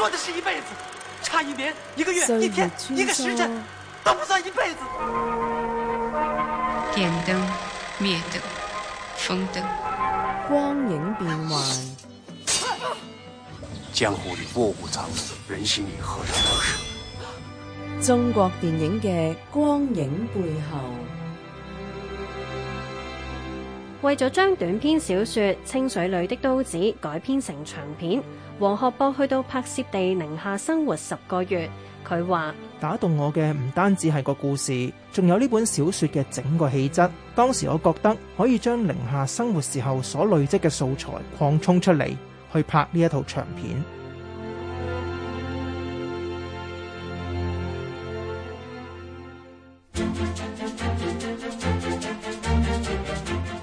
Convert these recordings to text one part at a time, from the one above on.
說的是一輩子，差一年、一個月、一天、一個時辰，都不算一輩子。點燈，滅燈，封燈，光影變幻。江湖裏臥虎藏龍，人心裏何嘗不是。中國電影嘅光影背後。為咗將短篇小說《清水裡的刀子》改編成長片，王學博去到拍攝地寧夏生活十個月。佢話：打動我嘅唔單止係個故事，仲有呢本小說嘅整個氣質。當時我覺得可以將寧夏生活時候所累積嘅素材擴充出嚟，去拍呢一套長片。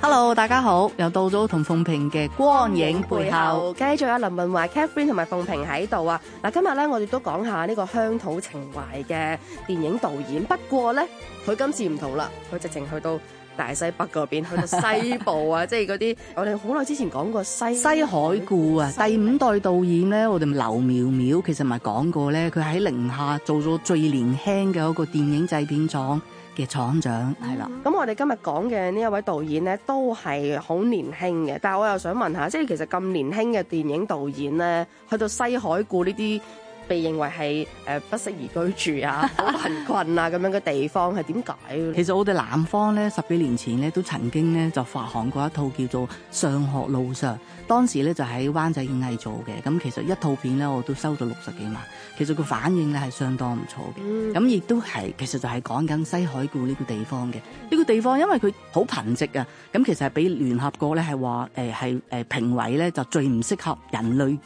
Hello，大家好，又到咗同鳳萍嘅光影背後，繼續有林雲華、Catherine 同埋鳳萍喺度啊。嗱，今日咧我哋都講下呢個鄉土情懷嘅電影導演，不過咧佢今次唔同啦，佢直情去到大西北嗰邊， 去到西部啊，即係嗰啲我哋好耐之前講過西西海固啊。第五代導演咧，我哋劉苗苗其實咪講過咧，佢喺寧夏做咗最年輕嘅一個電影製片廠。嘅廠長係啦，咁我哋今日講嘅呢一位導演咧，都係好年輕嘅，但我又想問下，即係其實咁年輕嘅電影導演咧，去到西海固呢啲。被認為係誒不適宜居住啊、好貧困啊咁樣嘅地方係點解？其實我哋南方咧十幾年前咧都曾經咧就發行過一套叫做《上學路上》，當時咧就喺灣仔影藝做嘅。咁其實一套片咧我都收到六十幾萬，其實個反應咧係相當唔錯嘅。咁、嗯、亦、嗯、都係其實就係講緊西海固呢個地方嘅呢、這個地方，因為佢好貧瘠啊。咁其實係俾聯合國咧係話誒係誒評委咧就最唔適合人類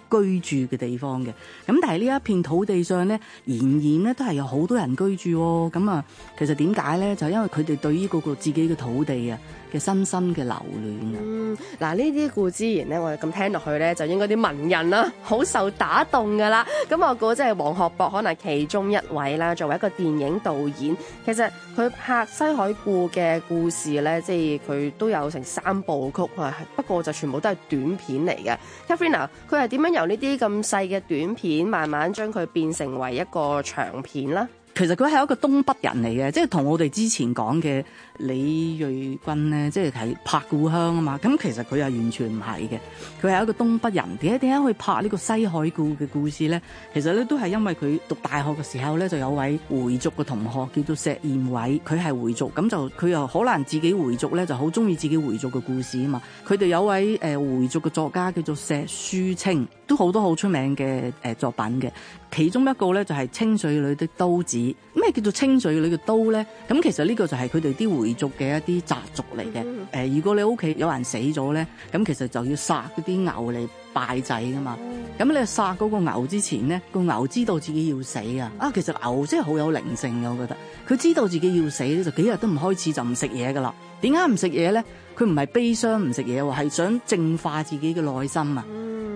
居住嘅地方嘅。咁但係呢一片片土地上咧，仍然咧都係有好多人居住喎。咁啊，其實點解咧？就係因為佢哋對於嗰個自己嘅土地啊。嘅深深嘅留戀嗯，嗱呢啲故之言咧，我哋咁聽落去咧，就應該啲文人啦、啊，好受打動噶啦。咁我估即係王學博可能其中一位啦。作為一個電影導演，其實佢拍《西海固》嘅故事咧，即係佢都有成三部曲啊。不過就全部都係短片嚟嘅。Katherine，佢係點樣由呢啲咁細嘅短片，慢慢將佢變成為一個長片啦？其實佢係一個東北人嚟嘅，即係同我哋之前講嘅。李瑞君呢，即係拍故鄉啊嘛，咁其實佢又完全唔係嘅，佢係一個東北人，點解點解去拍呢個西海固嘅故事咧？其實咧都係因為佢讀大學嘅時候咧，就有位回族嘅同學叫做石燕偉，佢係回族，咁就佢又好難自己回族咧，就好中意自己回族嘅故事啊嘛。佢哋有位、呃、回族嘅作家叫做石舒清，都好多好出名嘅、呃、作品嘅，其中一個咧就係、是《清水裏的刀子》。咩叫做《清水裏嘅刀呢》咧？咁其實呢個就係佢哋啲回回族嘅一啲習俗嚟嘅，誒、呃，如果你屋企有人死咗咧，咁其實就要殺嗰啲牛嚟拜祭噶嘛。咁你殺嗰個牛之前咧，個牛知道自己要死啊。啊，其實牛真係好有靈性嘅，我覺得佢知道自己要死，就幾日都唔開始就唔食嘢噶啦。點解唔食嘢咧？佢唔係悲傷唔食嘢，係想淨化自己嘅內心啊。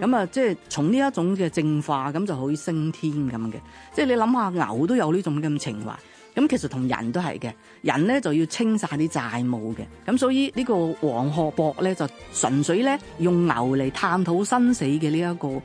咁啊，即係從呢一種嘅淨化，咁就可以升天咁嘅。即係你諗下，牛都有呢種咁情懷。咁其實同人都係嘅，人咧就要清晒啲債務嘅，咁所以個呢個王學博咧就純粹咧用牛嚟探討生死嘅呢一個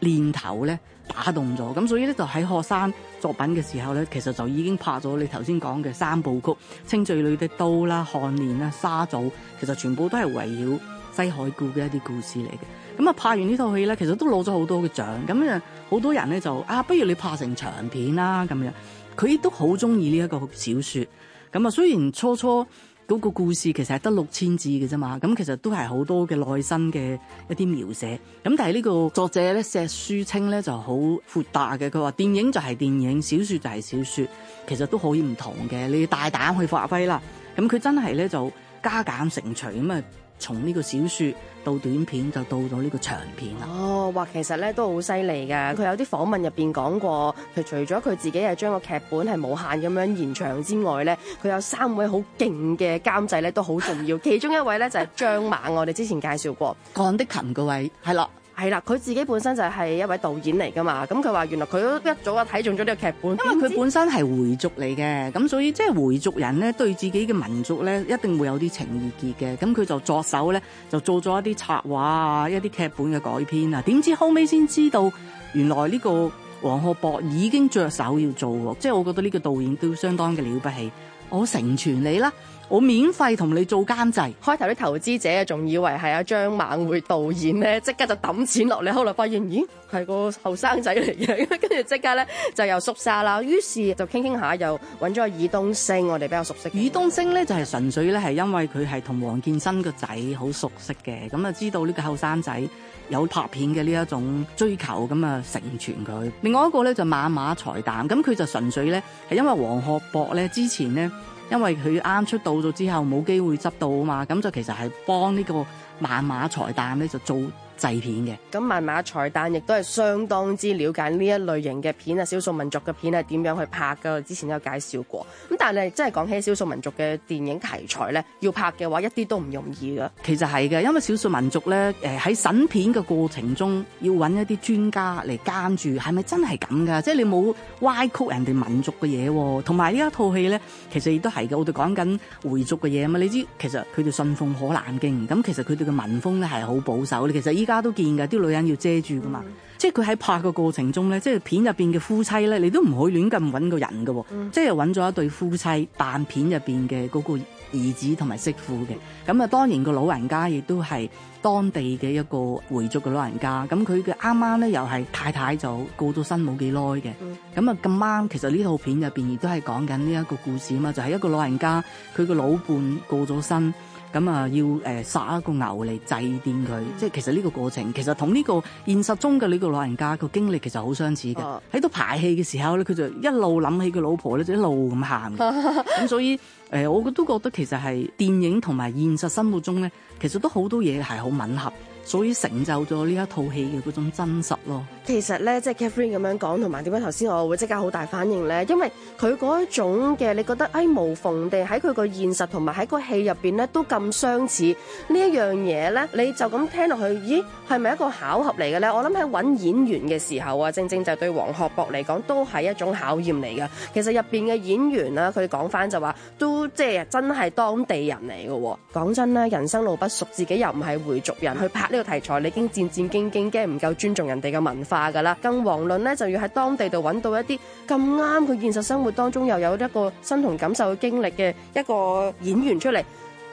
念頭咧打動咗，咁所以咧就喺學生作品嘅時候咧，其實就已經拍咗你頭先講嘅三部曲，《清最女的刀》啦，《漢年》啦，《沙祖》，其實全部都係圍繞西海固嘅一啲故事嚟嘅。咁啊，拍完呢套戲咧，其實都攞咗好多嘅獎，咁樣好多人咧就啊，不如你拍成長片啦、啊、咁樣。佢都好中意呢一個小説，咁啊，雖然初初嗰個故事其實係得六千字嘅啫嘛，咁其實都係好多嘅內心嘅一啲描寫，咁但係呢個作者咧石舒清咧就好闊達嘅，佢話電影就係電影，小説就係小説，其實都可以唔同嘅，你要大膽去發揮啦。咁佢真係咧就。加減乘除咁啊，從呢個小説到短片，就到咗呢個長片啦。哦，嘩，其實咧都好犀利㗎。佢有啲訪問入面講過，佢除咗佢自己係將個劇本係無限咁樣延長之外咧，佢有三位好勁嘅監製咧都好重要， 其中一位咧就係張猛，我哋之前介紹過鋼的琴嗰位，係喇。係啦，佢自己本身就係一位導演嚟噶嘛，咁佢話原來佢都一早啊睇中咗呢個劇本，因為佢本身係回族嚟嘅，咁所以即係回族人咧，對自己嘅民族咧，一定會有啲情意結嘅，咁、嗯、佢就作手咧就做咗一啲策劃啊，一啲劇本嘅改編啊，點知後尾先知道原來呢個王學博已經着手要做喎，即係我覺得呢個導演都相當嘅了不起，我成全你啦。我免費同你做監製。開頭啲投資者啊，仲以為係阿張猛會導演咧，即刻就抌錢落嚟，後來發現咦係個 後生仔嚟嘅，跟住即刻咧就又縮沙啦。於是就傾傾下，又揾咗個爾冬升，我哋比較熟悉。爾冬升咧就係、是、純粹咧係因為佢係同黃建新個仔好熟悉嘅，咁啊知道呢個後生仔有拍片嘅呢一種追求，咁啊成全佢。另外一個咧就萬瑪才旦，咁佢就純粹咧係因為王學博咧之前咧。因為佢啱出道咗之後冇機會執到啊嘛，咁就其實係幫呢個萬馬財旦咧就做，製片嘅，咁慢萬一彩，但亦都係相當之了解呢一類型嘅片啊，少數民族嘅片係點樣去拍噶？我之前有介紹過，咁但係真係講起少數民族嘅電影題材咧，要拍嘅話一啲都唔容易噶。其實係嘅，因為少數民族咧，誒喺審片嘅過程中要揾一啲專家嚟監住，係咪真係咁噶，即係你冇歪曲人哋民族嘅嘢，同埋呢一套戲咧，其實亦都係嘅，我哋講緊回族嘅嘢啊嘛。你知其實佢哋信奉可蘭經，咁其實佢哋嘅民風咧係好保守。你其實。而家都見噶，啲女人要遮住噶嘛。嗯、即係佢喺拍嘅過程中咧，即係片入邊嘅夫妻咧，你都唔可以亂咁揾個人噶。哦嗯。即係揾咗一對夫妻扮片入邊嘅嗰個兒子同埋媳婦嘅。咁、嗯、啊，當然個老人家亦都係當地嘅一個回族嘅老人家。咁佢嘅啱啱咧又係太太就過咗身冇幾耐嘅。咁啊咁啱，其實呢套片入邊亦都係講緊呢一個故事啊嘛，就係、是、一個老人家佢個老伴過咗身。咁啊，要誒殺一個牛嚟祭奠佢，即、嗯、係其實呢個過程，其實同呢個現實中嘅呢個老人家個經歷其實好相似嘅。喺、哦、度排戲嘅時候咧，佢就一路諗起佢老婆咧，就一路咁喊。咁 所以誒，我都覺得其實係電影同埋現實生活中咧，其實都好多嘢係好吻合。所以成就咗呢一套戲嘅嗰種真實咯。其實咧，即係 Katherine 咁樣講，同埋點解頭先我會即刻好大反應咧？因為佢嗰一種嘅你覺得哎無縫地喺佢個現實同埋喺個戲入邊咧都咁相似這樣東西，呢一樣嘢咧，你就咁聽落去，咦係咪一個巧合嚟嘅咧？我諗喺揾演員嘅時候啊，正正就對王學博嚟講都係一種考驗嚟嘅，其實入邊嘅演員啦，佢講翻就話都即係、就是、真係當地人嚟嘅。講真啦，人生路不熟，自己又唔係回族人去拍。呢、個題材你已經戰戰兢兢，驚唔夠尊重人哋嘅文化噶啦，更遑論咧就要喺當地度揾到一啲咁啱佢現實生活當中又有一個身同感受嘅經歷嘅一個演員出嚟，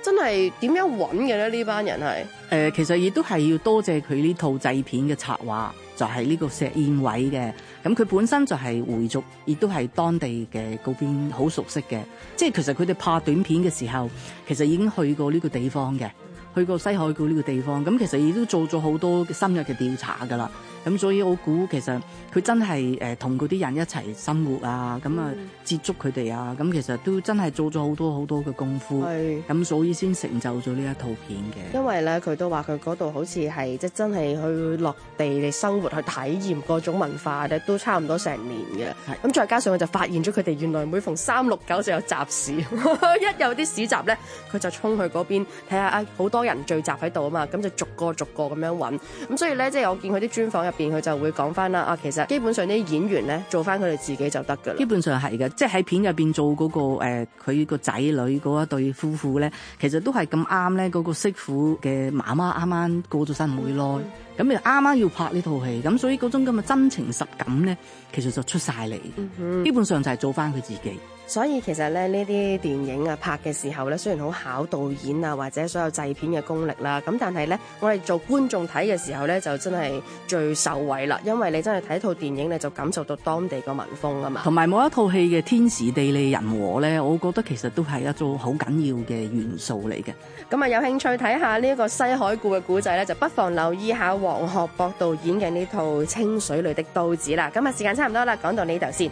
真係點樣揾嘅咧？呢班人係誒，其實亦都係要多謝佢呢套製片嘅策劃，就係呢個石燕偉嘅。咁佢本身就係回族，亦都係當地嘅嗰邊好熟悉嘅。即係其實佢哋拍短片嘅時候，其實已經去過呢個地方嘅。去過西海固呢個地方，咁其實亦都做咗好多深入嘅調查㗎啦。咁所以我估其實佢真係誒同嗰啲人一齊生活啊，咁、嗯、啊接觸佢哋啊，咁其實都真係做咗好多好多嘅功夫。係。咁所以先成就咗呢一套片嘅。因為咧，佢都話佢嗰度好似係即真係去落地嚟生活，去體驗各種文化咧，都差唔多成年嘅。係。咁再加上佢就發現咗佢哋原來每逢三六九就有集市， 一有啲市集咧，佢就衝去嗰邊睇下啊好多。多人聚集喺度啊嘛，咁就逐個逐個咁樣揾。咁所以咧，即係我見佢啲專訪入邊，佢就會講翻啦。啊，其實基本上啲演員咧做翻佢哋自己就得噶啦。基本上係嘅，即係喺片入邊做嗰、嗰個誒，佢、呃、個仔女嗰一對夫婦咧，其實都係咁啱咧。嗰個媳婦嘅媽媽啱啱過咗身冇耐囉，咁又啱啱要拍呢套戲，咁所以嗰種咁嘅真情實感咧，其實就出晒嚟、嗯。基本上就係做翻佢自己。所以其實咧，呢啲電影啊拍嘅時候咧，雖然好考導演啊或者所有製片嘅功力啦，咁但係咧我哋做觀眾睇嘅時候咧就真係最受惠啦，因為你真係睇套電影你就感受到當地嘅民風啊嘛。同埋每一套戲嘅天時地利人和咧，我覺得其實都係一種好緊要嘅元素嚟嘅。咁啊有興趣睇下呢個西海固嘅古仔咧，就不妨留意下王學博導演嘅呢套《清水裏的刀子》啦。咁啊時間差唔多啦，講到呢度先。